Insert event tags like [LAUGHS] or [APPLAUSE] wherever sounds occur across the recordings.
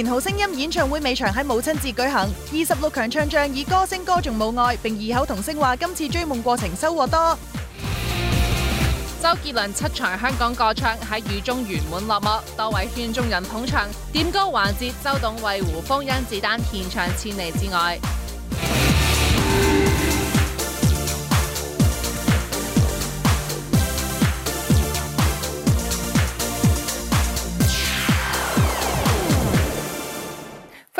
中年好聲音演唱會尾場喺母親節舉行，二十六強唱將以歌聲歌頌母愛，並異口同聲話今次追夢過程收穫多。周杰倫七場香港歌唱喺雨中圓滿落幕，多位圈中人捧場點歌環節，周董為胡楓、甄子丹獻唱千里之外。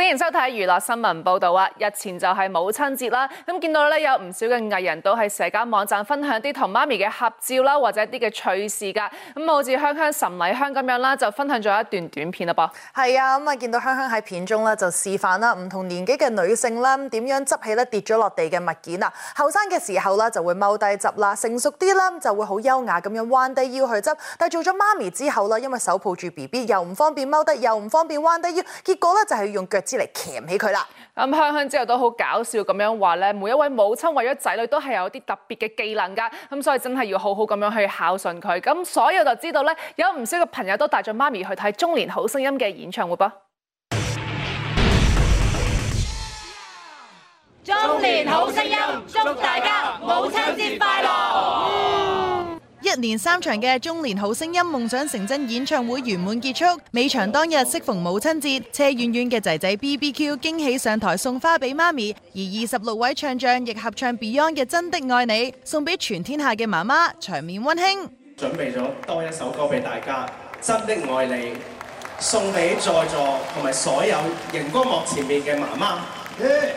歡迎收睇娛樂新聞報道啊！日前就係母親節啦，咁見到咧有唔少嘅藝人都喺社交網站分享啲同媽咪嘅合照啦，或者啲嘅趣事㗎。咁好似香香岑麗香咁樣啦，就分享咗一段短片啦噃。係啊，咁啊見到香香喺片中咧就示範啦，唔同年紀嘅女性啦點樣執起咧跌咗落地嘅物件啊。後生嘅時候咧就會踎低執啦，成熟啲啦，就會好優雅咁樣彎低腰去執。但係做咗媽咪之後咧，因為手抱住 BB，又唔方便踎低，又唔方便彎低腰，day，結果咧就係用腳尖。嚟鉗起佢啦！咁香香之後都好搞笑咁樣話咧，每一位母親為咗仔女都係有啲特別嘅技能噶，咁所以真係要好好咁樣去孝順佢。咁所以就知道咧，有唔少嘅朋友都帶咗媽咪去睇《中年好聲音》嘅演唱會噃。中年好聲音，祝大家母親節快樂！一連三場嘅《中年好聲音夢想成真演唱會》圓滿結束，尾場當日適逢母親節，車婉婉嘅仔仔 B B Q 驚喜上台送花俾媽咪，而二十六位唱將亦合唱 Beyond 嘅《真的愛你》，送俾全天下嘅媽媽，場面溫馨。準備咗多一首歌俾大家，《真的愛你》，送俾在座同埋所有熒光幕前面嘅媽媽。Yeah.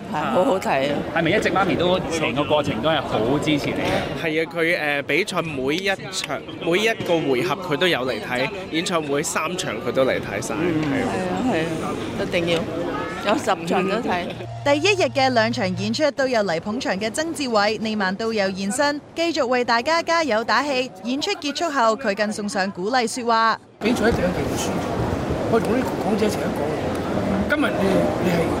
係好好睇啊！係咪一直媽咪都成個過程都係好支持你啊？係啊，佢比賽每一場每一個回合佢都有嚟睇，演唱會三場佢都嚟睇晒。係啊係啊，一定要有十場都睇。 [LAUGHS] 第一日嘅兩場演出都有嚟捧場嘅曾志偉，呢晚都有現身，繼續為大家加油打氣。演出結束後，佢更送上鼓勵説話。比賽成評書，我同啲講者成日講，今日、嗯、你你係。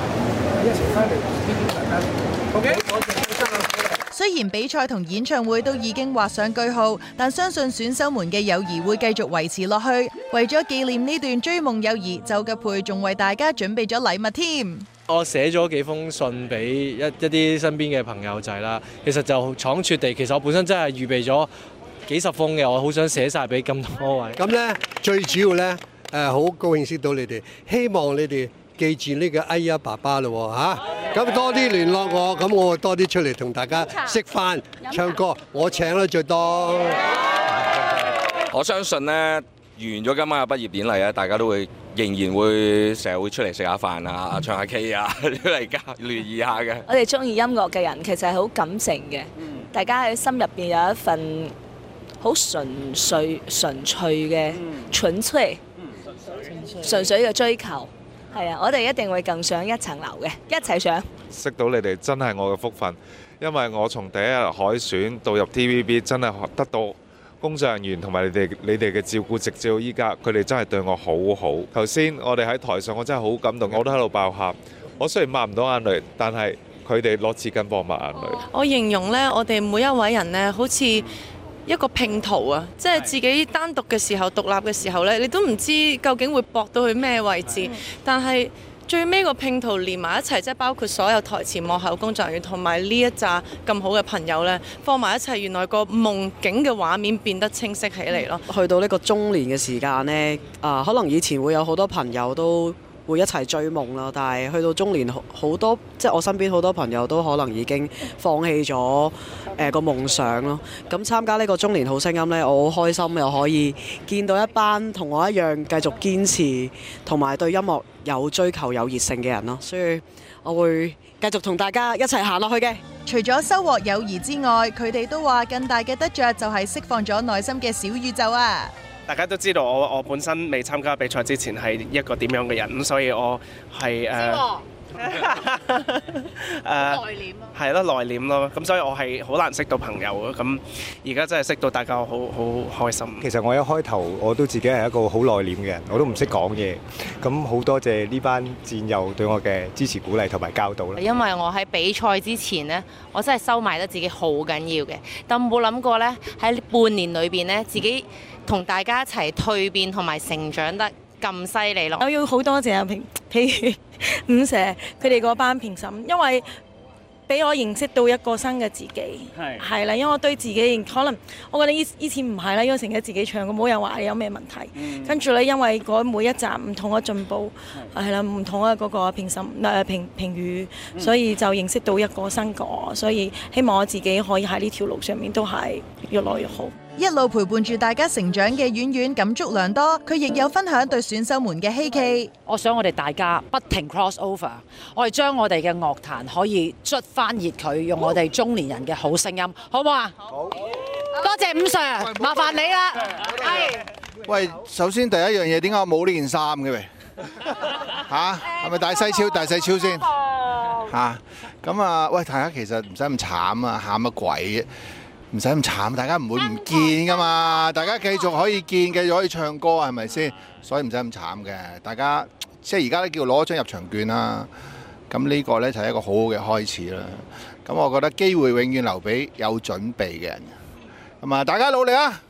雖然比賽同演唱會都已經畫上句號，但相信選手們嘅友誼會繼續維持落去。為咗紀念呢段追夢友誼，就吉培仲為大家準備咗禮物添。我寫咗幾封信俾一一啲身邊嘅朋友仔啦。其實就倉促地，其實我本身真係預備咗幾十封嘅，我好想寫晒俾咁多位。咁呢，最主要呢，誒，好高興識到你哋，希望你哋。記住呢個哎呀爸爸咯吓，咁多啲聯絡我，咁我會多啲出嚟同大家食飯、唱歌，我請啦最多。我相信咧，完咗今晚嘅畢業典禮咧，大家都會仍然會成日會出嚟食下飯啊、唱下 K 啊，出嚟交聯誼下嘅。我哋中意音樂嘅人其實係好感性嘅，大家喺心入邊有一份好純粹、純粹嘅純粹、純粹嘅追求。係啊！我哋一定會更上一層樓嘅，一齊上。識到你哋真係我嘅福分，因為我從第一日海選到入 TVB，真係得到工作人員同埋你哋你哋嘅照顧，直至到依家，佢哋真係對我好好。頭先我哋喺台上，我真係好感動，我都喺度爆喊。我雖然抹唔到眼淚，但係佢哋攞紙巾幫我抹眼淚。我形容呢，我哋每一位人呢，好似～一個拼圖啊，即係自己單獨嘅時候、獨立嘅時候呢，你都唔知究竟會駁到去咩位置。但係最尾個拼圖連埋一齊，即係包括所有台前、幕後工作人員同埋呢一揸咁好嘅朋友呢，放埋一齊，原來個夢境嘅畫面變得清晰起嚟咯。去到呢個中年嘅時間呢，啊、呃，可能以前會有好多朋友都。會一齊追夢咯，但係去到中年，好多即係我身邊好多朋友都可能已經放棄咗誒個夢想咯。咁參加呢個中年好聲音呢，我好開心又可以見到一班同我一樣繼續堅持同埋對音樂有追求有熱誠嘅人咯，所以我會繼續同大家一齊行落去嘅。除咗收穫友誼之外，佢哋都話更大嘅得着就係釋放咗內心嘅小宇宙啊！大家都知道，我我本身未參加比賽之前係一個點樣嘅人咁，所以我係誒誒，係、uh, 咯 [LAUGHS] [LAUGHS] [LAUGHS] 內斂、啊 [LAUGHS] 啊、內斂咯咁，所以我係好難識到朋友嘅咁。而家真係識到大家，好好開心。其實我一開頭我都自己係一個好內斂嘅人，我都唔識講嘢咁。好多謝呢班戰友對我嘅支持鼓勵同埋教導啦。因為我喺比賽之前呢，我真係收埋得自己好緊要嘅，但冇諗過呢，喺半年裏邊呢，自己、嗯。同大家一齊蛻變同埋成長得咁犀利咯！我要好多謝、啊、平，譬如五蛇佢哋嗰班評審，因為俾我認識到一個新嘅自己，係啦，因為我對自己可能我覺得以以前唔係啦，因為成日自己唱，冇人話你有咩問題。嗯、跟住咧，因為嗰每一集唔同嘅進步，係啦，唔同嘅嗰個評審誒、呃、評評語、嗯，所以就認識到一個新我。所以希望我自己可以喺呢條路上面都係越來越好。一路陪伴住大家成長嘅苑苑，感觸良多，佢亦有分享對選手們嘅希冀。我想我哋大家不停 cross over，我哋將我哋嘅樂壇可以捽翻熱佢，用我哋中年人嘅好聲音，好唔好啊？好，多謝五 Sir，喂，麻煩你啦！喂，首先第一樣嘢點解我冇呢件衫嘅？ [LAUGHS] [LAUGHS] 係咪大細超，大細超先? [LAUGHS] 咁啊，喂，大家其實唔使咁慘啊，喊乜鬼啊？唔使咁慘，大家唔會唔見噶嘛，大家繼續可以見，繼續可以唱歌，係咪先？所以唔使咁慘嘅，大家即係而家咧叫攞張入場券啦。咁呢個呢，就係一個好好嘅開始啦。咁我覺得機會永遠留俾有準備嘅人。咁啊，大家努力啊！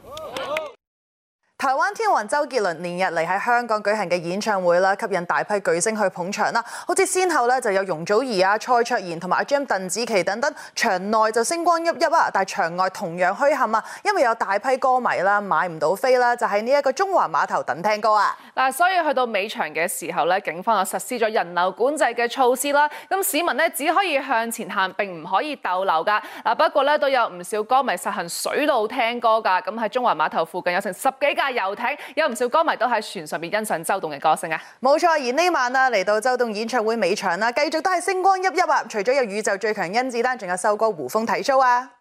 台灣天王周杰倫連日嚟喺香港舉行嘅演唱會啦，吸引大批巨星去捧場啦。好似先後咧就有容祖兒啊、蔡卓妍同埋阿 Gem、鄧紫棋等等，場內就星光熠熠啊，但係場外同樣虛冚啊，因為有大批歌迷啦買唔到飛啦，就喺呢一個中環碼頭等聽歌啊。嗱，所以去到尾場嘅時候咧，警方就實施咗人流管制嘅措施啦。咁市民咧只可以向前行，並唔可以逗留㗎。嗱，不過咧都有唔少歌迷實行水路聽歌㗎。咁喺中環碼頭附近有成十幾架遊艇有唔少歌迷都喺船上面欣賞周董嘅歌聲啊！冇錯，而呢晚啊，嚟到周董演唱會尾場啦，繼續都係星光熠熠啊！除咗有宇宙最強甄子丹，仲有收哥胡楓睇 show 啊！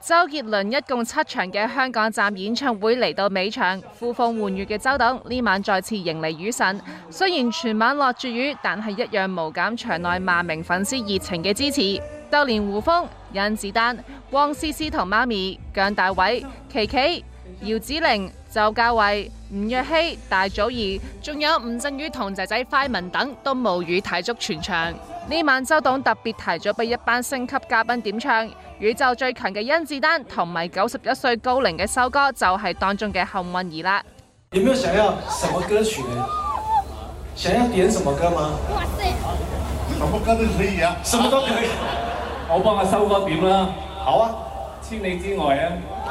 周杰倫一共七場嘅香港站演唱會嚟到尾場，呼風喚雨嘅周董呢晚再次迎嚟雨神，雖然全晚落住雨，但係一樣無減場內萬名粉絲熱情嘅支持。就連胡楓、甄子丹、汪詩詩同媽咪姜大衛、琪琪、姚子羚、周家蔚、吳若希、大祖兒，仲有吳鎮宇同仔仔快文等，都無語睇足全場。呢晚周董特別提咗俾一班星級嘉賓點唱，宇宙最強嘅甄子丹同埋九十一歲高齡嘅修哥，就係當中嘅幸運兒啦。有冇想要什麼歌曲？想要點什麼歌嗎？哇塞，什麼歌都可以啊，什麼都可以。.我幫你收個點啦，好啊，千里之外啊，啊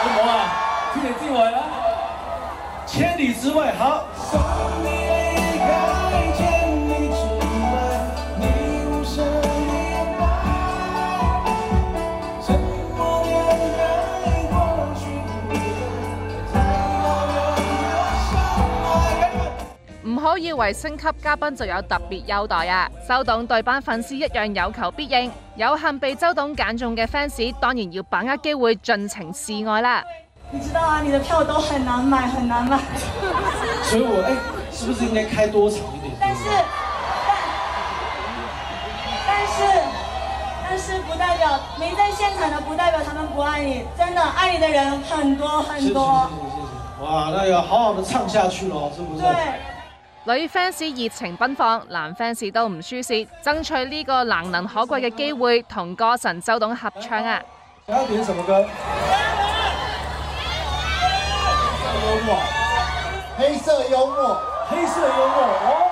好唔好啊？千里之外啊，啊千里之外啊，啊千里之外，好。都以為星級嘉賓就有特別優待啊！周董對班粉絲一樣有求必應，有幸被周董揀中嘅 fans 當然要把握機會盡情示愛啦！你知道啊，你的票都很難買，很難買。 [LAUGHS] 所以我誒、哎，是不是應該開多場一點？但是，但，但是，但是不代表沒在現場的，不代表他們不愛你，真的愛你的人很多很多。是是是是，哇，那要好好的唱下去咯，是不是？對女 fans 熱情奔放，男 fans 都唔輸蝕，爭取呢個難能可貴嘅機會，同歌神周董合唱啊！啊，點什麼歌？黑色幽默，黑色幽默。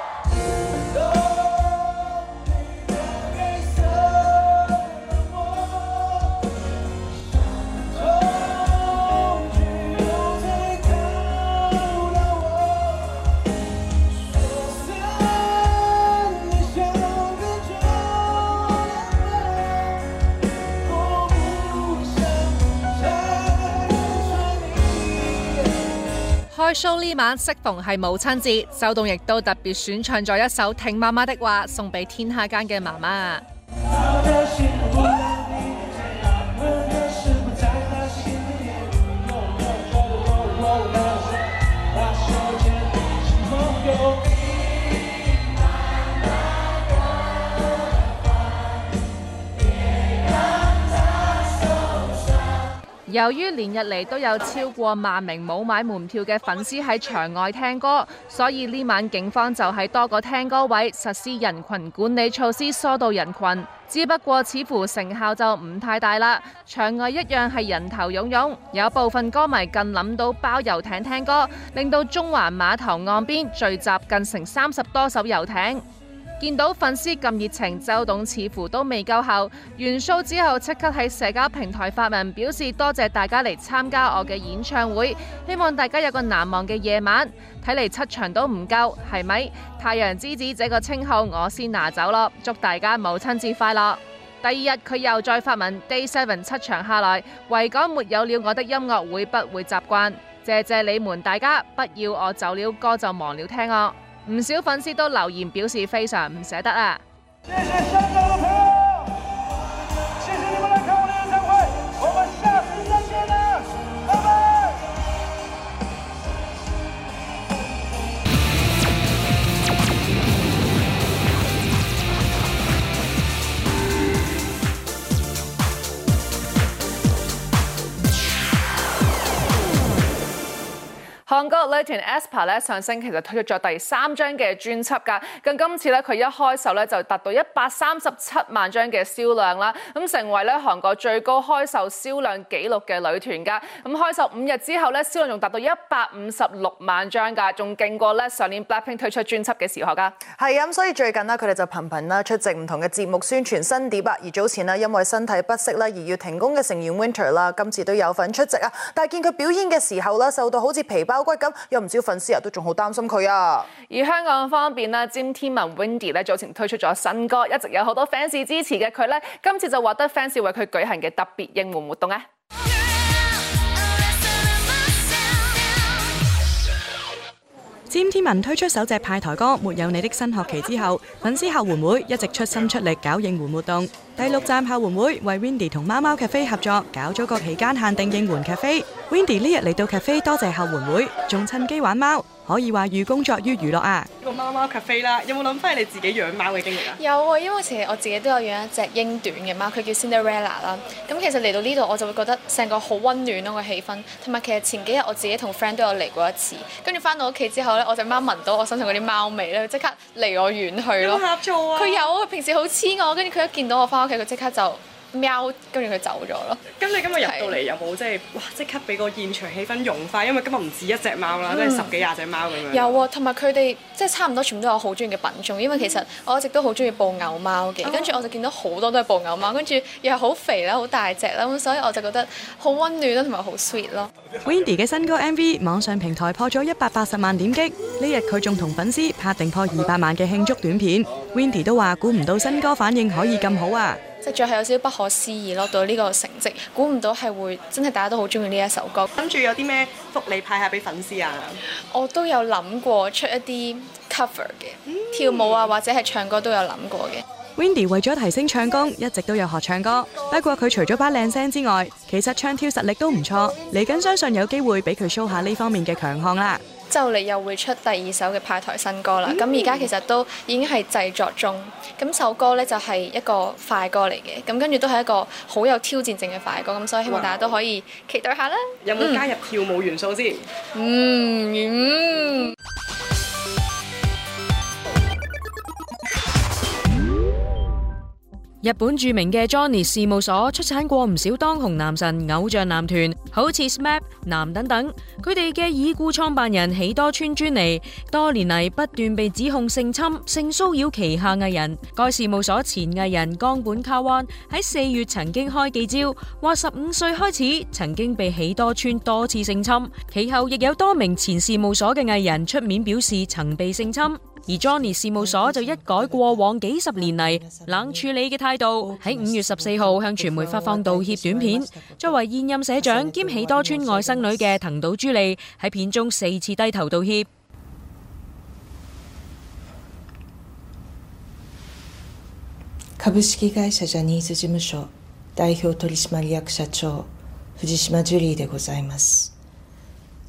開 show 呢晚，適逢係母親節，周董亦都特別選唱咗一首《聽媽媽的話》，送俾天下間嘅媽媽。由於連日嚟都有超過萬名冇買門票嘅粉絲喺場外聽歌，所以呢晚警方就喺多個聽歌位實施人群管理措施，疏導人群。只不過似乎成效就唔太大啦，場外一樣係人頭湧湧，有部分歌迷更諗到包遊艇聽歌，令到中環碼頭岸邊聚集近成三十多艘遊艇。見到粉絲咁熱情，周董似乎都未夠喉。完 show 之後，即刻喺社交平台發文表示多謝大家嚟參加我嘅演唱會，希望大家有個難忘嘅夜晚。睇嚟七場都唔夠，係咪？太陽之子這個稱號我先拿走咯，祝大家母親節快樂。第二日佢又再發文，day seven 七場下來，唯講沒有了我的音樂會不會習慣。謝謝你們大家，不要我走了歌就忘了聽我。唔少粉絲都留言表示非常唔捨得啊！韓國女團 aespa 咧上星期就推出咗第三張嘅專輯㗎，咁今次咧佢一開售咧就達到一百三十七萬張嘅銷量啦，咁成為咧韓國最高開售銷量紀錄嘅女團㗎，咁開售五日之後咧銷量仲達到一百五十六萬張㗎，仲勁過咧上年 BLACKPINK 推出專輯嘅時候㗎。係啊，所以最近呢，佢哋就頻頻啦出席唔同嘅節目宣傳新碟啊，而早前咧因為身體不適啦而要停工嘅成員 Winter 啦，今次都有份出席啊，但係見佢表演嘅時候啦，瘦到好似皮包。那有唔少粉絲啊，都仲好擔心佢啊。而香港方邊咧，詹天文 Windy 咧早前推出咗新歌，一直有好多 fans 支持嘅佢咧，今次就獲得 fans 為佢舉行嘅特別應援活動啊。詹天文推出首隻派台歌《沒有你的新學期》之後，粉絲後援會一直出心出力搞應援活動。第六站後援會為 Wendy 同貓貓咖啡合作搞咗個期間限定應援咖啡。Wendy 呢日嚟到咖啡，多謝後援會，仲趁機玩貓。可以話寓工作於娛樂啊！呢個貓貓 cafe 啦，有冇諗翻你自己養貓嘅經歷啊？有啊，因為其實我自己都有養一隻英短嘅貓，佢叫 Cinderella 啦。咁其實嚟到呢度，我就會覺得成個好温暖咯個氣氛，同埋其實前幾日我自己同 friend 都有嚟過一次，跟住翻到屋企之後咧，我隻貓聞到我身上嗰啲貓味咧，佢即刻離我遠去咯。呷醋啊！佢有啊，有平時好黐我，跟住佢一見到我翻屋企，佢即刻就。喵，跟住佢走咗咯。咁你今日入到嚟有冇即係哇，即刻俾個現場氣氛融化？因為今日唔止一隻貓啦，都係十幾廿隻貓咁樣。有啊，同埋佢哋即係差唔多，全部都有好中意嘅品種。因為其實我一直都好中意布偶貓嘅，跟、哦、住我就見到好多都係布偶貓，跟住又係好肥啦，好大隻啦，咁所以我就覺得好温暖啦，同埋好 sweet 咯。Wendy 嘅新歌 MV 網上平台破咗一百八十萬點擊，呢日佢仲同粉絲拍定破二百萬嘅慶祝短片。Wendy 都話：估唔到新歌反應可以咁好啊！即係最後有少少不可思議咯，到呢個成績，估唔到係會真係大家都好中意呢一首歌。諗住有啲咩福利派下俾粉絲啊？我都有諗過出一啲 cover 嘅、嗯、跳舞啊，或者係唱歌都有諗過嘅。Wendy 為咗提升唱功，一直都有學唱歌。不過佢除咗把靚聲之外，其實唱跳實力都唔錯。嚟緊相信有機會俾佢 show 下呢方面嘅強項啦。就嚟又會出第二首嘅派台新歌啦，咁而家其實都已經係製作中，咁首歌呢，就係一個快歌嚟嘅，咁跟住都係一個好有挑戰性嘅快歌，咁所以希望大家都可以期待一下啦、嗯。有冇加入跳舞元素先？嗯。嗯嗯。日本著名嘅 Johnny 事務所出產過唔少當紅男神、偶像男團，好似 SMAP、男等等。佢哋嘅已故創辦人喜多川專尼，多年嚟不斷被指控性侵、性騷擾旗下藝人。該事務所前藝人岡本卡灣喺四月曾經開記者會，話十五歲開始曾經被喜多川多次性侵，其後亦有多名前事務所嘅藝人出面表示曾被性侵。而 Johnny 事務所就一改過往幾十年嚟冷處理嘅態度，喺五月十四號向傳媒發放道歉短片。作為現任社長兼喜多川外甥女嘅藤島朱莉，喺片中四次低頭道歉。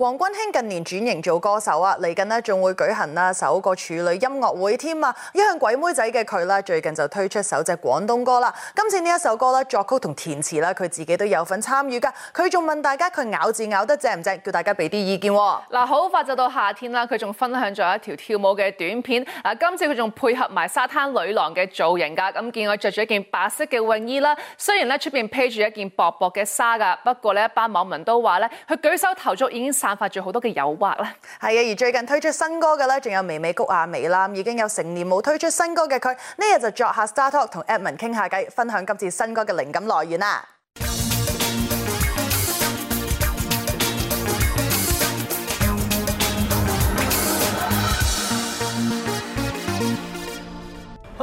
王君馨近年轉型做歌手啊，嚟緊呢仲會舉行啦首個處女音樂會添啊！一向鬼妹仔嘅佢咧，最近就推出首隻廣東歌啦。今次呢一首歌啦，作曲同填詞啦，佢自己都有份參與噶。佢仲問大家佢咬字咬得正唔正，叫大家俾啲意見。嗱，好快就到夏天啦，佢仲分享咗一條跳舞嘅短片。啊，今次佢仲配合埋沙灘女郎嘅造型㗎。咁見佢著咗件白色嘅泳衣啦，雖然咧出邊披住一件薄薄嘅紗㗎，不過呢一班網民都話咧，佢舉手投足已經散發住好多嘅誘惑啦，係啊！而最近推出新歌嘅咧，仲有微微谷阿美啦，已經有成年冇推出新歌嘅佢，呢日就作下 Star Talk 同 Edmond 傾下偈，分享今次新歌嘅靈感來源啦。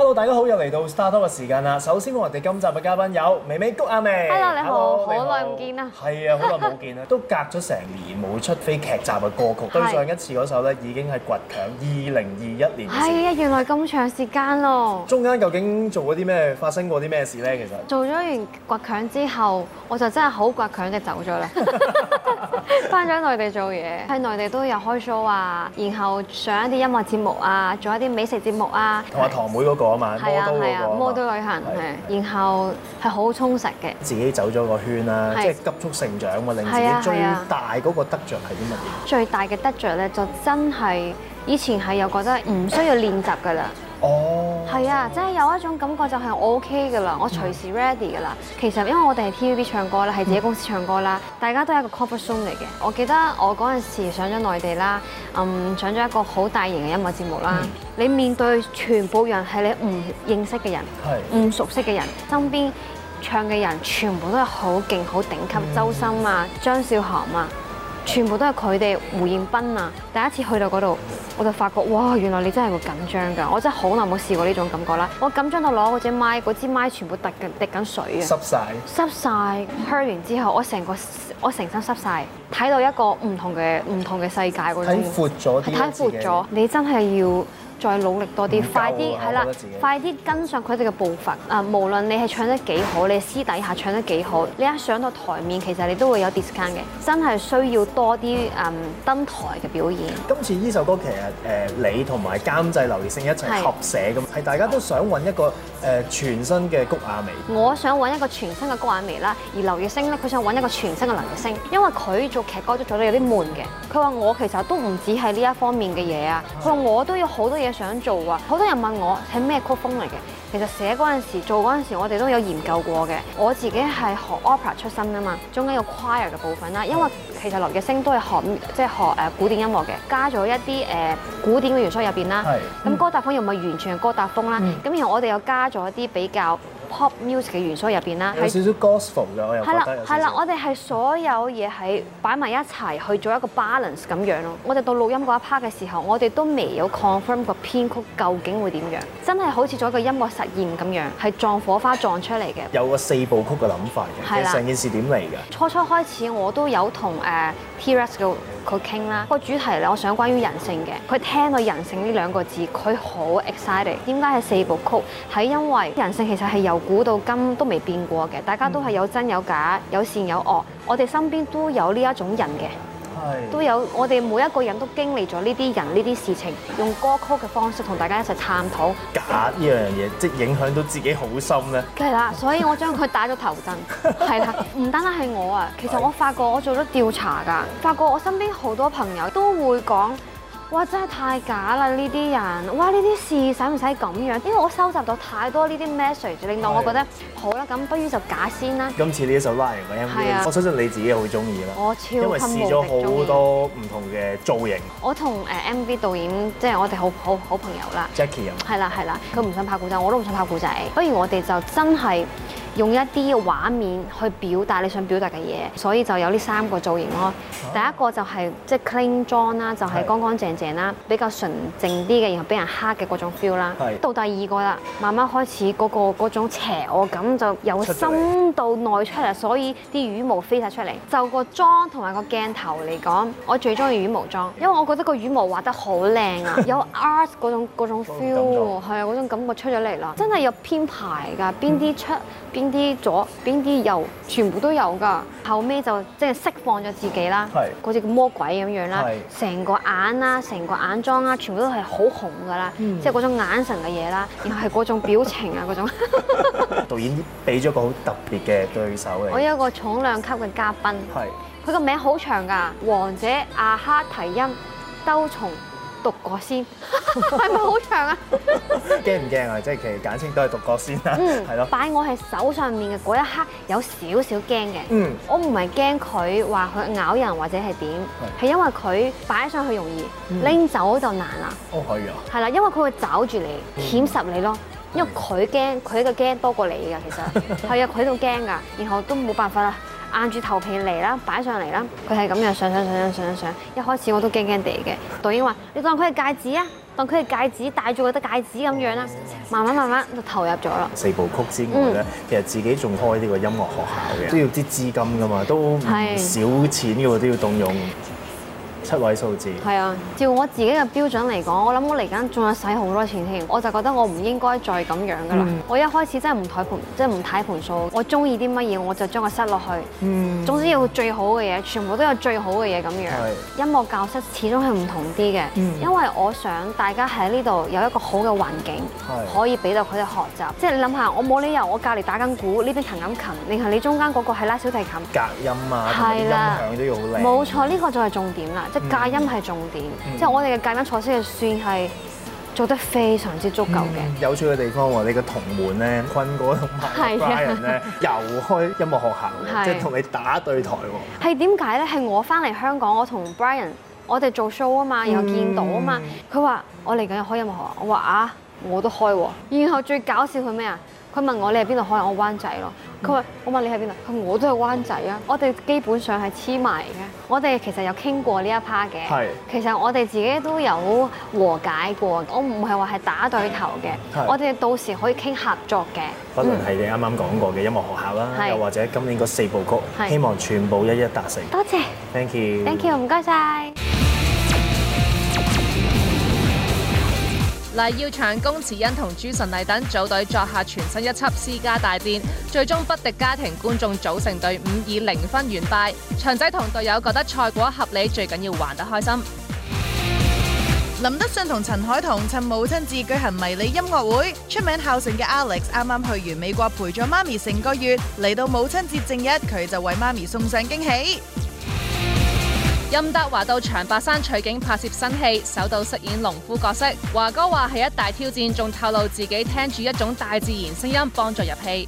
Hello 大家好，又嚟到 StarTalk 嘅時間啦！首先我哋今集嘅嘉賓有微微谷阿薇。Hello，你好，好耐唔見啦。係啊，好耐冇見啦，都隔咗成年冇出非劇集嘅歌曲。對上一次嗰首咧，已經係倔強二零二一年。係啊，原來咁長時間咯。中間究竟做過啲咩？發生過啲咩事咧？其實做咗完倔強之後，我就真係好倔強地走咗啦。翻咗內地做嘢，喺內地都有開 show 啊，然後上一啲音樂節目啊，做一啲美食節目啊，同埋堂妹嗰個。係啊，係啊，摩都旅行是是，然後係好充實嘅。自己走咗個圈啦，是即係急速成長啊！令自己最大嗰個得着係啲乜嘢？的最大嘅得着咧，就真係以前係有覺得唔需要練習噶啦。哦，係啊，即、就、係、是、有一種感覺就係我 OK 噶啦，我隨時 ready 噶啦。Mm. 其實因為我哋係 TVB 唱歌啦，係自己公司唱歌啦，mm. 大家都係一個 cover show 嚟嘅。我記得我嗰陣時候上咗內地啦，嗯，上咗一個好大型嘅音樂節目啦。Mm. 你面對全部人係你唔認識嘅人，唔、mm. 熟悉嘅人，身邊唱嘅人全部都係好勁、好頂級，mm. 周深啊、張韶涵啊。全部都係佢哋胡彥斌啊！第一次去到嗰度，我就發覺哇，原來你真係會緊張㗎！我真係好耐冇試過呢種感覺啦！我緊張到攞嗰支麥，嗰支麥全部滴緊滴緊水啊！濕晒。濕晒 hurt 完之後，我成個我成身濕晒。睇到一個唔同嘅唔同嘅世界喎！睇闊咗啲自己，你真係要。再努力多啲、啊，快啲係啦，快啲跟上佢哋嘅步伐啊、嗯！無論你係唱得幾好、嗯，你私底下唱得幾好、嗯，你一上到台面，其實你都會有 discount 嘅。真係需要多啲嗯，嗯登台嘅表演。今次呢首歌其實誒、呃、你同埋監製劉奕星一齊合寫嘅，係大家都想揾一個誒、呃、全新嘅谷婭溦。我想揾一個全新嘅谷婭溦啦，而劉奕星呢，佢想揾一個全新嘅劉奕星，因為佢做劇歌都做得有啲悶嘅。佢話我其實都唔止係呢一方面嘅嘢啊，佢、嗯、話我都要好多嘢。想做啊！好多人問我係咩曲風嚟嘅？其實寫嗰陣時、做嗰陣時，我哋都有研究過嘅。我自己係學 opera 出身噶嘛，中間有 choir 嘅部分啦。因為其實落嘅聲，都係學即係、就是、學誒古典音樂嘅，加咗一啲誒古典嘅元素入邊啦。咁、嗯、歌達風又唔係完全係歌達風啦。咁、嗯、然後我哋又加咗一啲比較。pop music 嘅元素入邊啦，有少少 gospel 嘅，我又覺得係啦，係啦，我哋係所有嘢喺擺埋一齊去做一個 balance 咁樣咯。我哋到錄音嗰一 part 嘅時候，我哋都未有 confirm 個編曲究竟會點樣，真係好似做一個音樂實驗咁樣，係撞火花撞出嚟嘅。有個四部曲嘅諗法嘅，係啦，成件事點嚟嘅？初初開始我都有同誒 T-Rex 嘅。佢傾啦，個主題咧，我想關於人性嘅。佢聽到人性呢兩個字，佢好 excited。點解係四部曲？係因為人性其實係由古到今都未變過嘅，大家都係有真有假，有善有惡，我哋身邊都有呢一種人嘅。都有，我哋每一個人都經歷咗呢啲人、呢啲事情，用歌曲嘅方式同大家一齊探討假呢樣嘢，即影響到自己好深咧。係啦，所以我將佢打咗頭陣。係 [LAUGHS] 啦，唔單單係我啊，其實我發覺我做咗調查㗎，發覺我身邊好多朋友都會講。哇！真係太假啦呢啲人，哇，呢啲事使唔使咁樣？因為我收集到太多呢啲 message，令到我覺得好啦，咁不如就假先啦。今次呢一首《Ride》嘅 MV，我相信你自己好中意啦。我超級冇敵中意。因為試咗好多唔同嘅造型。我同誒 MV 導演即係、就是、我哋好好好朋友啦，Jackie 有冇？係啦係啦，佢唔想拍古仔，我都唔想拍古仔，不如我哋就真係。用一啲畫面去表達你想表達嘅嘢，所以就有呢三個造型咯、啊。第一個就係即係 clean 妝啦，就係、是、乾乾淨淨啦，比較純淨啲嘅，然後俾人黑嘅嗰種 feel 啦。到第二個啦，慢慢開始嗰、那個嗰種邪惡感就有深度內出嚟，所以啲羽毛飛晒出嚟。就個妝同埋個鏡頭嚟講，我最中意羽毛妝，因為我覺得個羽毛畫得好靚啊， [LAUGHS] 有 art 嗰種 feel 喎，係啊，嗰種感覺出咗嚟啦，真係有編排㗎，邊啲出邊。嗯啲左邊啲右，全部都有噶。後尾就即係釋放咗自己啦，嗰隻、那個、魔鬼咁樣啦，成個眼啦，成個眼妝啦，全部都係好紅噶啦，即係嗰種眼神嘅嘢啦，然後係嗰種表情啊嗰 [LAUGHS] 那種。 [LAUGHS] 導演俾咗個好特別嘅對手嘅，我有個個重量級嘅嘉賓，佢個名好長噶，王者阿哈提音，兜從。獨角仙係咪好長啊？驚唔驚啊？即係其實簡稱都係獨角仙啦，係咯。擺我喺手上面嘅嗰一刻有少少驚嘅。嗯，我唔係驚佢話佢咬人或者係點，係因為佢擺上去容易，嗯，拎走就難啦。哦，可以啊。係啦，因為佢會抓住你，鉗實你咯。嗯、因為佢驚，佢嘅驚多過你噶，其實係啊，佢都驚噶，然後都冇辦法啦。硬住頭皮嚟啦，擺上嚟啦，佢係咁樣上上上上上上，一開始我都驚驚地嘅。導演話：你當佢係戒指啊，當佢係戒指，戴住佢得戒指咁樣啦，慢慢慢慢就投入咗咯。四部曲之外咧，其實自己仲開呢個音樂學校嘅，都要啲資金噶嘛，都唔少錢噶喎，都要動用。七位數字係啊，照我自己嘅標準嚟講，我諗我嚟緊仲要使好多錢添，我就覺得我唔應該再咁樣噶啦、嗯。我一開始真係唔睇盤，真係唔睇盤數。我中意啲乜嘢，我就將佢塞落去。嗯，總之要最好嘅嘢，全部都有最好嘅嘢咁樣。音樂教室始終係唔同啲嘅、嗯，因為我想大家喺呢度有一個好嘅環境，可以俾到佢哋學習。即係你諗下，我冇理由我隔離打緊鼓，呢邊彈緊琴，然後你中間嗰個係拉小提琴，隔音啊，啲音響都要好靚。冇錯，呢個就係重點啦。隔、嗯、音係重點，嗯、即係我哋嘅隔音措施係算係做得非常之足夠嘅、嗯。有趣嘅地方喎，你嘅同門咧，坤哥同埋、啊、Brian 咧， [LAUGHS] 又開音樂學校，即係同你打對台喎。係點解咧？係我翻嚟香港，我同 Brian，我哋做 show 啊嘛，然後見到啊嘛，佢、嗯、話我嚟緊要開音樂學校，我話啊，我都開喎。然後最搞笑佢咩啊？佢問我你喺邊度？可能我灣仔咯。佢、嗯、話：我問你喺邊度？佢、嗯、我都係灣仔啊！嗯、我哋基本上係黐埋嘅。我哋其實有傾過呢一 part 嘅。係。其實我哋自己都有和解過。我唔係話係打對頭嘅。我哋到時可以傾合作嘅。不論係你啱啱講過嘅音樂學校啦，嗯、又或者今年嗰四部曲，希望全部一一達成。多謝。Thank you。Thank you，唔該晒。黎耀祥、龔慈恩同朱晨麗等組隊作客全新一輯私家大戰，最終不敵家庭觀眾組成隊伍，以零分完敗。祥仔同隊友覺得賽果合理，最緊要玩得開心。林德信同陳凱彤趁母親節舉行迷你音樂會，出名孝順嘅 Alex 啱啱去完美國陪咗媽咪成個月，嚟到母親節正日，佢就為媽咪送上驚喜。任達華到長白山取景拍攝新戲，首度飾演農夫角色。華哥話係一大挑戰，仲透露自己聽住一種大自然聲音，幫助入戲。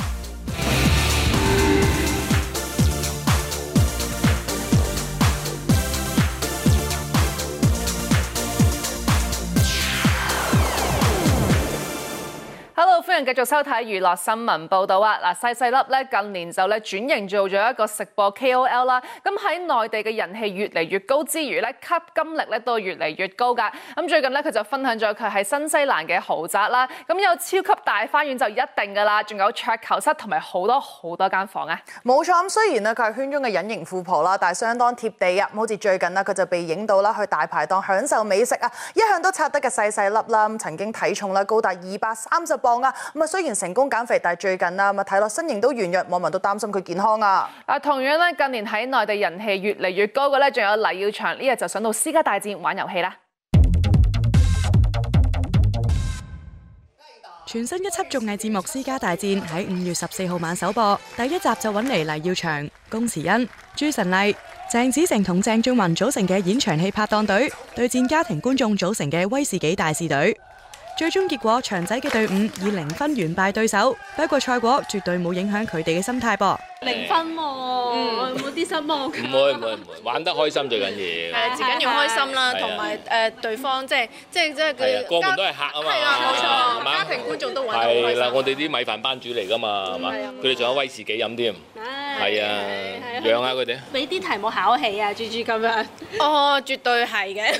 繼續收睇娛樂新聞報道啊！嗱，細細粒咧近年就咧轉型做咗一個食播 KOL 啦。咁喺內地嘅人氣越嚟越高之餘咧，吸金力咧都越嚟越高噶。咁最近咧佢就分享咗佢喺新西蘭嘅豪宅啦。咁有超級大花園就一定噶啦，仲有桌球室同埋好多好多間房啊。冇錯，咁雖然咧佢係圈中嘅隱形富婆啦，但係相當貼地啊。好似最近呢，佢就被影到啦去大排檔享受美食啊。一向都拆得嘅細細粒啦，咁曾經體重咧高達二百三十磅啊。咁啊，雖然成功減肥，但係最近啊，睇落身形都圓弱，網民都擔心佢健康啊！嗱，同樣咧，近年喺內地人氣越嚟越高嘅咧，仲有黎耀祥，呢日就上到《私家大戰》玩遊戲啦！全新一輯綜藝節目《私家大戰》喺五月十四號晚首播，第一集就揾嚟黎耀祥、龔慈恩、朱晨麗、鄭子誠同鄭俊弘組成嘅演場戲拍檔隊對戰家庭觀眾組成嘅威士忌大師隊。最終結果，祥仔嘅隊伍以零分完敗對手。不過賽果絕對冇影響佢哋嘅心態噃。零分喎，哦，嗯、我有冇啲失望？唔會唔會唔會，玩得開心最緊要。係，最緊要開心啦，同埋誒，對方，呃、即係即係即係佢。過門都係客啊嘛，啊啊，家庭觀眾都玩得好開心。係啦，啊，我哋啲米飯班主嚟噶嘛，係嘛，啊？佢哋仲有威士忌飲添。係啊，養下佢哋。俾啲題目考起啊，豬豬咁樣。哦，絕對係嘅。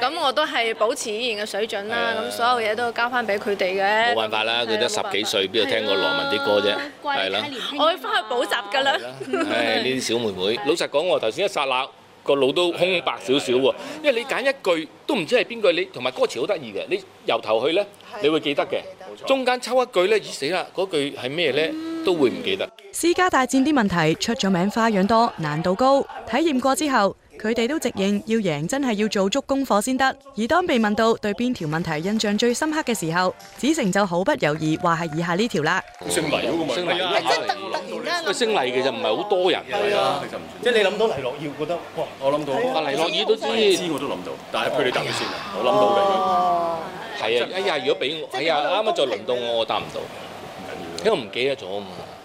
咁我都係保持以前嘅水準啦。咁所有嘢都交翻俾佢哋嘅。冇辦法啦，佢都十幾歲，邊度聽過羅文啲歌啫？係咯。我要翻去補習㗎啦。係呢啲小妹妹，老實講，我頭先一霎那個腦都空白少少喎。因為你揀一句都唔知係邊句，你同埋歌詞好得意嘅，你由頭去咧，你會記得嘅。中間抽一句咧，已死啦！嗰句係咩咧，都會唔記得。私家大戰啲問題出咗名，花樣多，難度高，體驗過之後。佢哋都直認要贏，真係要做足功課先得。而當被問到對邊條問題印象最深刻嘅時候，子誠就毫不猶豫話係以下呢條啦。升黎嗰個問題啊，真係突然間，個升黎嘅就唔係好多人嘅啦。即係你諗到黎諾要覺得，哇！我諗到，阿黎諾，咦都知，我都諗到，但係佢哋答咗先啊，我諗到嚟。係啊，哎呀，如果俾我，哎呀，啱啱再輪到我，我答唔到，唔緊要，因為唔記得咗嘛。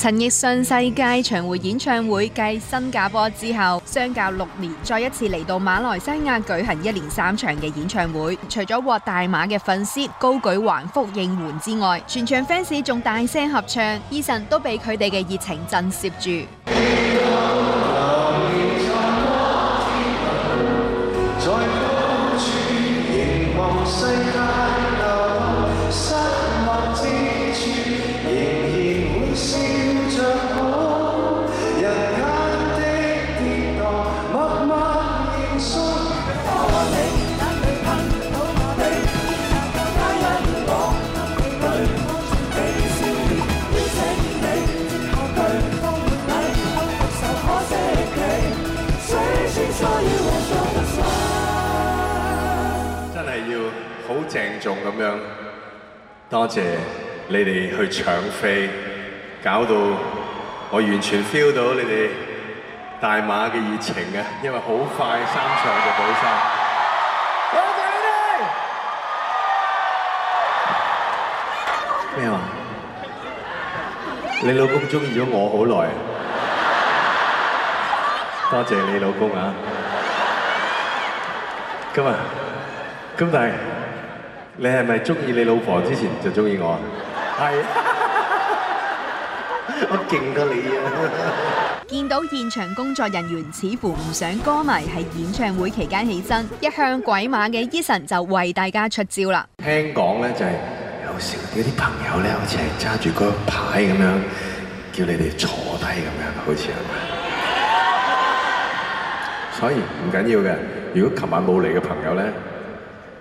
陳奕迅世界巡回演唱會繼新加坡之後，相隔六年再一次嚟到馬來西亞舉行一連三場嘅演唱會。除咗獲大馬嘅粉絲高舉橫幅應援之外，全場 fans 仲大聲合唱，E 神 [MUSIC] 都被佢哋嘅熱情震懾住。鄭重咁樣，多謝你哋去搶飛，搞到我完全 feel 到你哋大馬嘅熱情啊！因為好快三場就冇晒。多謝你哋。咩話？你老公鍾意咗我好耐。多謝你老公啊。今日，今日。你係咪中意你老婆之前就中意我啊？係 [LAUGHS] [LAUGHS] [LAUGHS] 我勁過你啊！見到現場工作人員似乎唔想歌迷喺演唱會期間起身，一向鬼馬嘅 Eason 就為大家出招啦。 [LAUGHS] 聽講咧就係、是、有時有啲朋友咧，好似係揸住個牌咁樣，叫你哋坐低咁樣，好似係嘛？ [LAUGHS] 所以唔緊要嘅，如果琴晚冇嚟嘅朋友咧。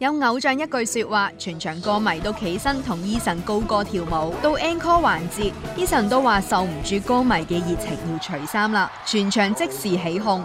有偶像一句說話，全場歌迷都起身同 Eason 高歌跳舞。到 encore 環節，Eason 都話受唔住歌迷嘅熱情要除衫啦，全場即時起哄。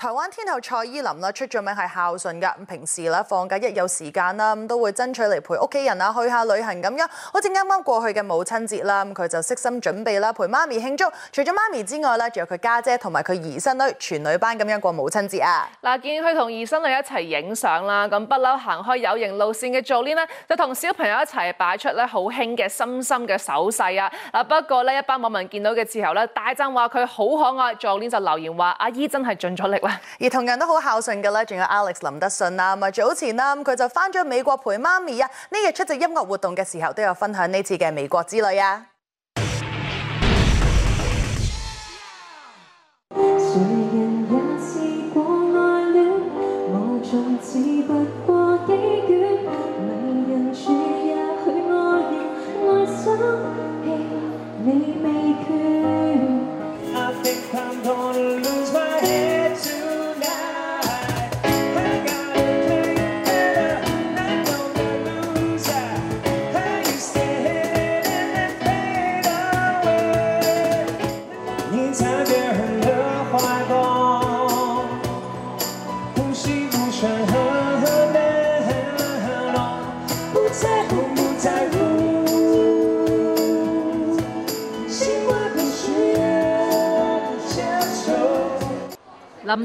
台灣天后蔡依林啦，出咗名係孝順㗎，平時啦放假一有時間啦，咁都會爭取嚟陪屋企人啊，去下旅行咁樣。好似啱啱過去嘅母親節啦，咁佢就悉心準備啦，陪媽咪慶祝。除咗媽咪之外啦，仲有佢家姐同埋佢姨甥女全女班咁樣過母親節啊。嗱，見佢同姨甥女一齊影相啦，咁不嬲行開有型路線嘅 Jolin 就同小朋友一齊擺出咧好興嘅心心嘅手勢啊。嗱，不過咧一班網民見到嘅時候咧，大讚話佢好可愛。Jolin 就留言話：阿姨真係盡咗力啦。而同樣都好孝順嘅咧，仲有 Alex 林德信啦，咁啊早前啦，佢就返咗美國陪媽咪啊，呢日出席音樂活動嘅時候都有分享呢次嘅美國之旅啊。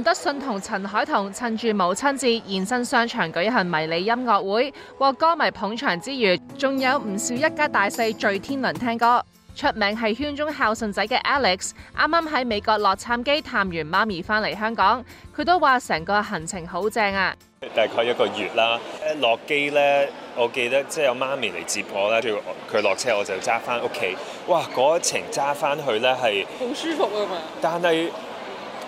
德信同陳凱彤趁住母親節現身商場舉行迷你音樂會，獲歌迷捧場之餘，仲有唔少一家大細聚天倫聽歌。出名係圈中孝順仔嘅 Alex，啱啱喺美國洛杉磯探完媽咪返嚟香港，佢都話成個行程好正啊！大概一個月啦，一落機咧，我記得即係有媽咪嚟接我咧，佢落車我就揸翻屋企。哇，嗰程揸翻去咧係好舒服㗎嘛！但係。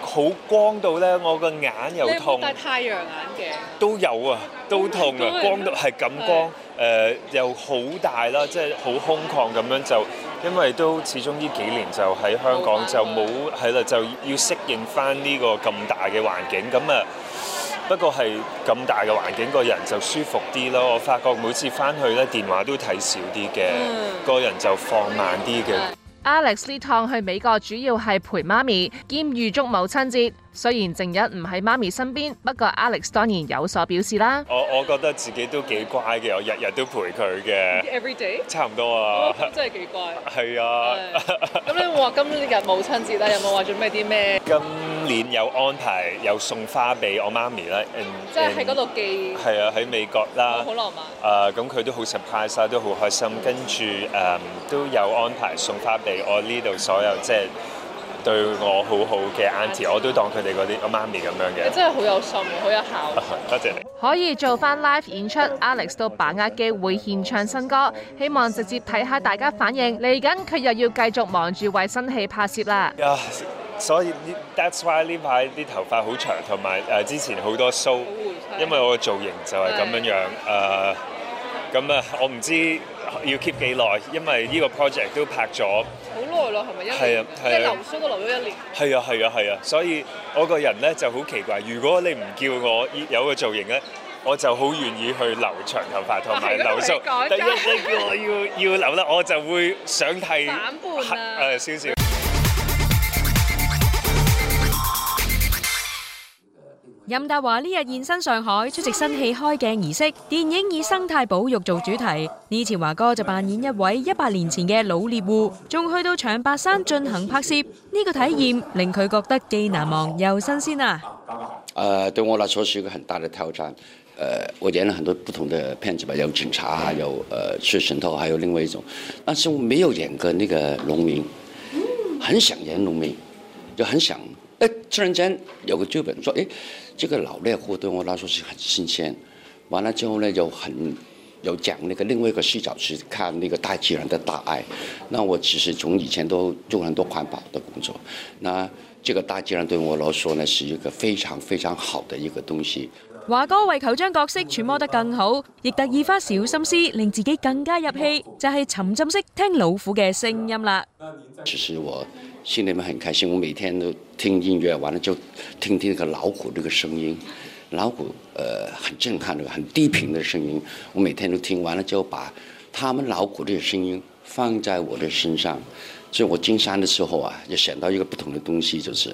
好光到咧，我個眼又痛。但戴太陽眼鏡。都有啊，都痛啊，光到係咁光，誒、okay. 呃、又好大啦，即係好空曠咁樣就，因為都始終呢幾年就喺香港就冇，係啦，就要適應翻呢個咁大嘅環境咁啊。不過係咁大嘅環境，個人就舒服啲咯。我發覺每次翻去咧，電話都睇少啲嘅，mm. 個人就放慢啲嘅。Alex 呢趟去美國主要係陪媽咪，兼預祝母親節。雖然正日唔喺媽咪身邊，不過 Alex 當然有所表示啦。我我覺得自己都幾乖嘅，我日日都陪佢嘅，every day 差唔多、哦、的挺啊。真係幾乖。係啊。咁你話今日母親節咧，有冇話準備啲咩？今年有安排，有送花俾我媽咪咧，即係喺嗰度寄。係啊，喺美國啦。好浪漫。誒，咁佢都好 surprise 啦，都好開心。跟住誒，um, 都有安排送花俾我呢度所有即係。就是對我好好嘅 auntie 我都當佢哋嗰啲阿媽咪咁樣嘅。真係好有心，好有效。多謝你。可以做翻 live 演出，Alex 都把握機會獻唱新歌。希望直接睇下大家反應。嚟緊佢又要繼續忙住為新戲拍攝啦。啊，所以 that's why 呢排啲頭髮好長，同埋誒之前好多 show，因為我嘅造型就係咁樣樣。誒，咁、uh, 啊，我唔知。要 keep 幾耐？因為呢個 project 都拍咗好耐啦，係咪？係啊，係啊，留鬚都留咗一年。係啊，係啊，係、就是、啊，啊，啊，啊，所以我個人咧就好奇怪，如果你唔叫我有個造型咧，我就好願意去留長頭髮同埋留鬚。第一聲叫我要要留得，我就會想剃誒少少。任達華呢日現身上海出席新戲開鏡儀式，電影以生態保育做主題。以前華哥就扮演一位一百年前嘅老獵戶，仲去到長白山進行拍攝。呢個體驗令佢覺得既難忘又新鮮啊！誒，對我來說是一個很大的挑戰。我演了很多不同的片子吧，有警察，有神偷，還有另外一種。但是我沒有演過那個農民，很想演農民，就很想。哎，突然間有個劇本說，哎，這個老獵戶對我來說是很新鮮。完了之後呢，又很有講那個另外一個視角去看那個大自然的大愛。那我只是從以前都做很多環保的工作，那這個大自然對我來說呢，是一個非常非常好的一個東西。華哥為求將角色揣摩得更好，亦特意花小心思令自己更加入戲，就係、是、沉浸式聽老虎嘅聲音啦。其實我心裏面很開心，我每天都聽音樂，完了就聽聽個老虎呢個聲音。老虎、呃，很震撼，很低頻的聲音。我每天都聽，完了就把他們老虎呢個聲音放在我的身上。所以我進山的時候啊，就想到一個不同的東西，就是。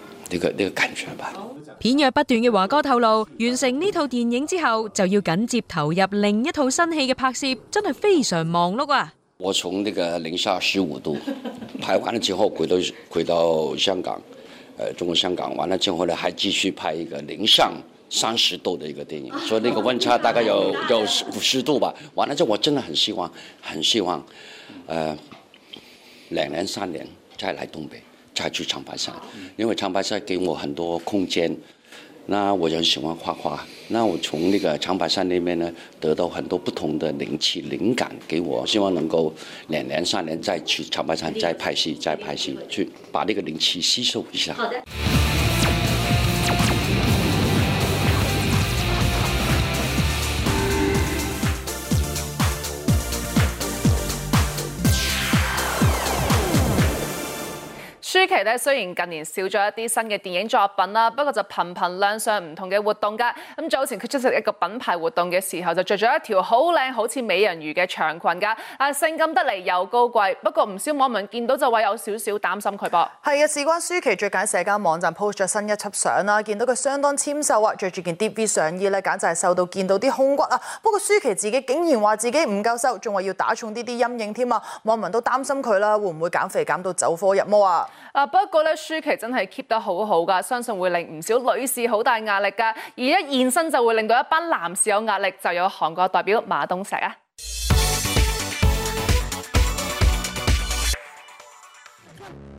呢、這個呢、這個感覺吧。片約不斷嘅華哥透露，完成呢套電影之後就要緊接投入另一套新戲嘅拍攝，真係非常忙碌啊！我從呢個零下十五度拍完了之後回到回到香港，誒、呃，中國香港完了之後咧，還繼續拍一個零上三十度的一個電影，啊、所以呢個溫差大概有大有五十度吧。完了之後我真的很希望，很希望，誒、呃，兩年三年再來東北。再去長白山，因為長白山給我很多空間。那我就喜歡畫畫。那我從那個長白山那邊呢，得到很多不同的靈氣、靈感給我，希望能夠兩年、三年再去長白山再拍戲、再拍戲、再拍戲，去把那個靈氣吸收一下。好的。舒淇，咧雖然近年少咗一啲新嘅電影作品啦，不過就頻頻亮相唔同嘅活動噶。咁早前佢出席一個品牌活動嘅時候，就着咗一條好靚好似美人魚嘅長裙噶，啊性感得嚟又高貴。不過唔少網民見到就話有少少擔心佢噃。係啊，事關舒淇最近喺社交網站 post 咗新一輯相啦，見到佢相當纖瘦啊，着住件 D V 上衣咧，簡直係瘦到見到啲胸骨啊。不過舒淇自己竟然話自己唔夠瘦，仲話要打重啲啲陰影添啊。網民都擔心佢啦，會唔會減肥減到走火入魔啊？啊，不過呢，舒淇真係 keep 得好好㗎，相信會令唔少女士好大壓力㗎。而一現身就會令到一班男士有壓力，就有韓國代表馬東石。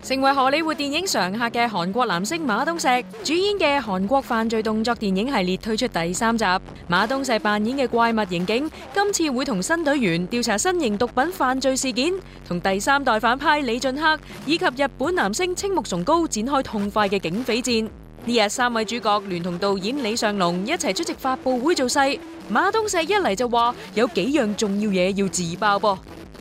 成為荷里活電影常客嘅韓國男星馬東石主演嘅韓國犯罪動作電影系列推出第三集，馬東石扮演嘅怪物刑警今次會同新隊員調查新型毒品犯罪事件，同第三代反派李俊赫，以及日本男星青木崇高展開痛快嘅警匪戰。呢日三位主角聯同導演李尚龍一齊出席發佈會做勢，馬東石一嚟就話有幾樣重要嘢要自爆噃。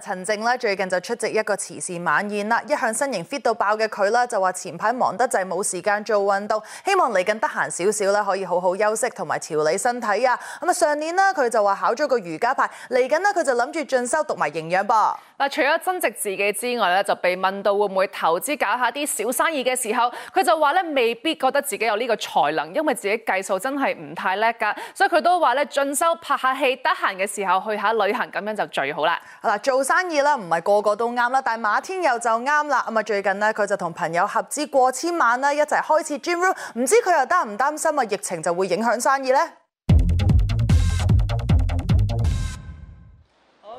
陳靜咧最近就出席一個慈善晚宴啦，一向身形 fit 到爆嘅佢啦，就話前排忙得滯冇時間做運動，希望嚟緊得閒少少咧，可以好好休息同埋調理身體啊。咁啊，上年咧佢就話考咗個瑜伽牌，嚟緊咧佢就諗住進修讀埋營養噃。嗱，除咗增值自己之外咧，就被問到會唔會投資搞下啲小生意嘅時候，佢就話咧未必覺得自己有呢個才能，因為自己計數真係唔太叻噶，所以佢都話咧進修拍下戲，得閒嘅時候去下旅行，咁樣就最好啦。嗱，做。做生意啦，唔係個個都啱啦，但係馬天佑就啱啦。咁啊，最近呢，佢就同朋友合資過千萬啦，一齊開設 gym room。唔知佢又擔唔擔心啊？疫情就會影響生意呢？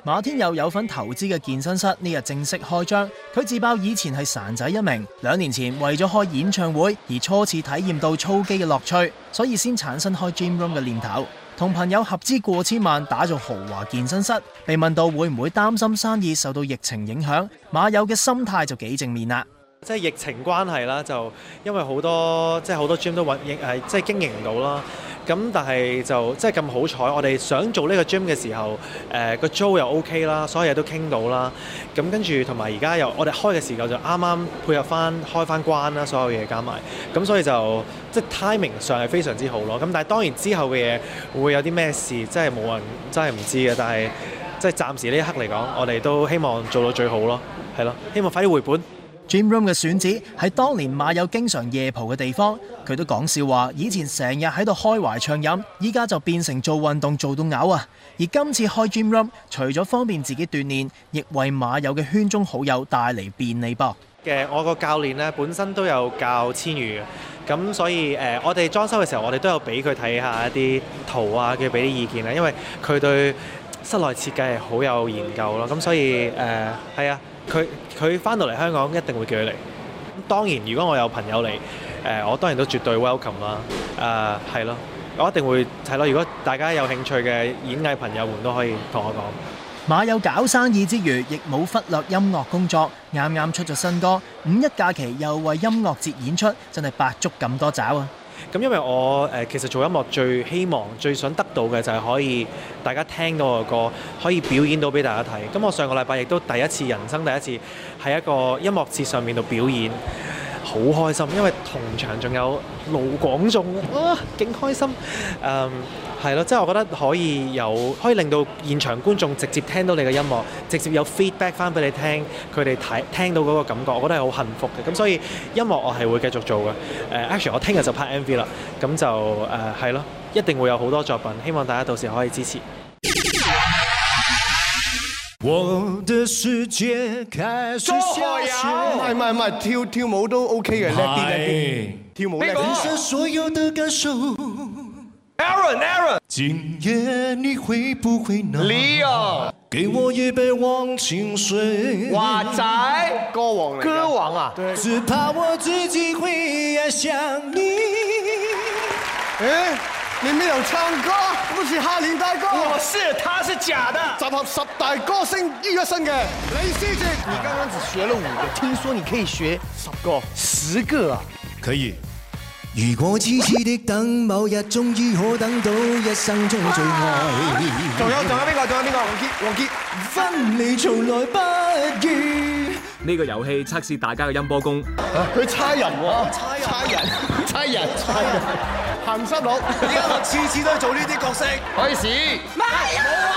馬天佑有份投資嘅健身室呢日正式開張，佢自爆以前係潺仔一名，兩年前為咗開演唱會而初次體驗到操機嘅樂趣，所以先產生開 gym room 嘅念頭。同朋友合資過千萬打造豪華健身室，被問到會唔會擔心生意受到疫情影響，馬友嘅心態就幾正面啦。即係疫情關係啦，就因為好多，即係好多 gym 都搵誒，即係經營唔到啦。咁但係就即係咁好彩，我哋想做呢個 gym 嘅時候，誒、呃、個租又 OK 啦，所有嘢都傾到啦。咁跟住同埋而家又我哋開嘅時候就啱啱配合翻開翻關啦，所有嘢加埋。咁所以就即係 timing 上係非常之好咯。咁但係當然之後嘅嘢會有啲咩事，真係冇人真係唔知嘅。但係即係暫時呢一刻嚟講，我哋都希望做到最好咯，係咯，希望快啲回本。Gym Room 嘅選址係當年馬友經常夜蒲嘅地方，佢都講笑話，以前成日喺度開懷暢飲，依家就變成做運動做到嘔啊！而今次開 Gym Room，除咗方便自己鍛鍊，亦為馬友嘅圈中好友帶嚟便利噃。嘅我個教練咧，本身都有教千餘嘅，咁所以誒，我哋裝修嘅時候，我哋都有俾佢睇下一啲圖啊，嘅俾啲意見啊，因為佢對室內設計係好有研究咯，咁所以誒，係、呃、啊。佢佢返到嚟香港一定會叫佢嚟。當然，如果我有朋友嚟，我當然都絕對 welcome 啦、啊啊。係咯，我一定會係咯。如果大家有興趣嘅演藝朋友們都可以同我講。馬友搞生意之餘，亦冇忽略音樂工作，啱啱出咗新歌。五一假期又為音樂節演出，真係百足咁多爪啊！咁因為我誒其實做音樂最希望、最想得到嘅就係可以大家聽到我嘅歌，可以表演到俾大家睇。咁我上個禮拜亦都第一次人生第一次喺一個音樂節上面度表演。好開心，因為同場仲有盧廣仲啊，勁開心。嗯，係咯，即係我覺得可以有，可以令到現場觀眾直接聽到你嘅音樂，直接有 feedback 翻俾你聽，佢哋睇聽到嗰個感覺，我覺得係好幸福嘅。咁所以音樂我係會繼續做嘅。誒，Actually，我聽日就拍 MV 啦。咁就誒係咯，一定會有好多作品，希望大家到時可以支持。我的世界開始下雪。中和呀，唔唔唔，跳跳舞都 OK 嘅，叻啲叻啲。跳舞叻、OK。人生所有的感受。Aaron Aaron。今夜你會不會來。Leon。給我一杯忘情水。華仔，歌王。歌王啊。對。只怕我自己會愛上你。欸你咪有唱歌，不是哈林大哥。我是，他是假的。集合十大歌星於一身嘅李思捷。你剛剛只學了五個，聽說你可以學十個。十個啊，可以。如果痴痴的等，某日終於可等到一生中最愛。仲、啊、有仲有邊個？仲有邊個？王傑，王傑。分離從來不願。呢個遊戲測試大家嘅音波功。佢、啊、猜人喎、啊，猜人，猜人，猜人。猜人行心路，而家我次次都係做呢啲角色。開始。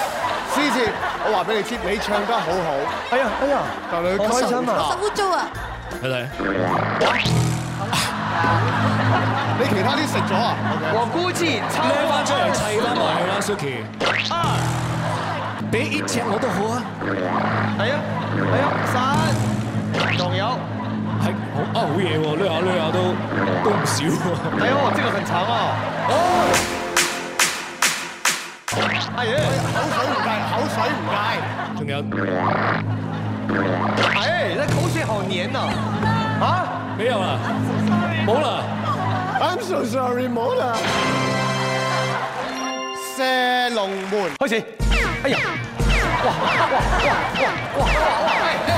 我話俾你知，你唱得好好。哎呀，哎呀，但係佢開心啊，髒髒啊，啊。我受污糟啊！嚟嚟，你其他啲食咗啊？我估計差唔翻出嚟砌翻埋啦，Suki。啊！俾一隻我都好啊。係啊，係啊，三。仲有係好啊，好嘢喎！呢下呢下都都唔少喎。哎呦，這個很慘啊。哎呀！口水唔計，口水唔計，仲有，哎，你口水好黏啊，啊？冇、啊、啦，I'm so sorry，冇啦。射龍門，開始。哎呀！哇！哇！哇！哇！哇！哇！哇、哎！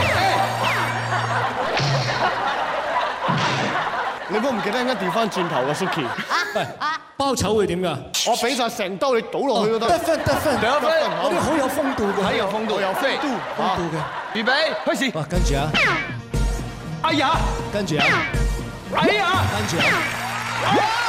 你都唔記得啱啱調翻轉頭啊，Suki！唔係包醜會點㗎？我俾晒成兜你倒落去都得。得分得分，分分分分分分好，好有風度㗎，好有風度，風度，有風度，風度嘅。預備開始。啊、跟住啊！哎呀，跟住啊！哎呀，跟住啊！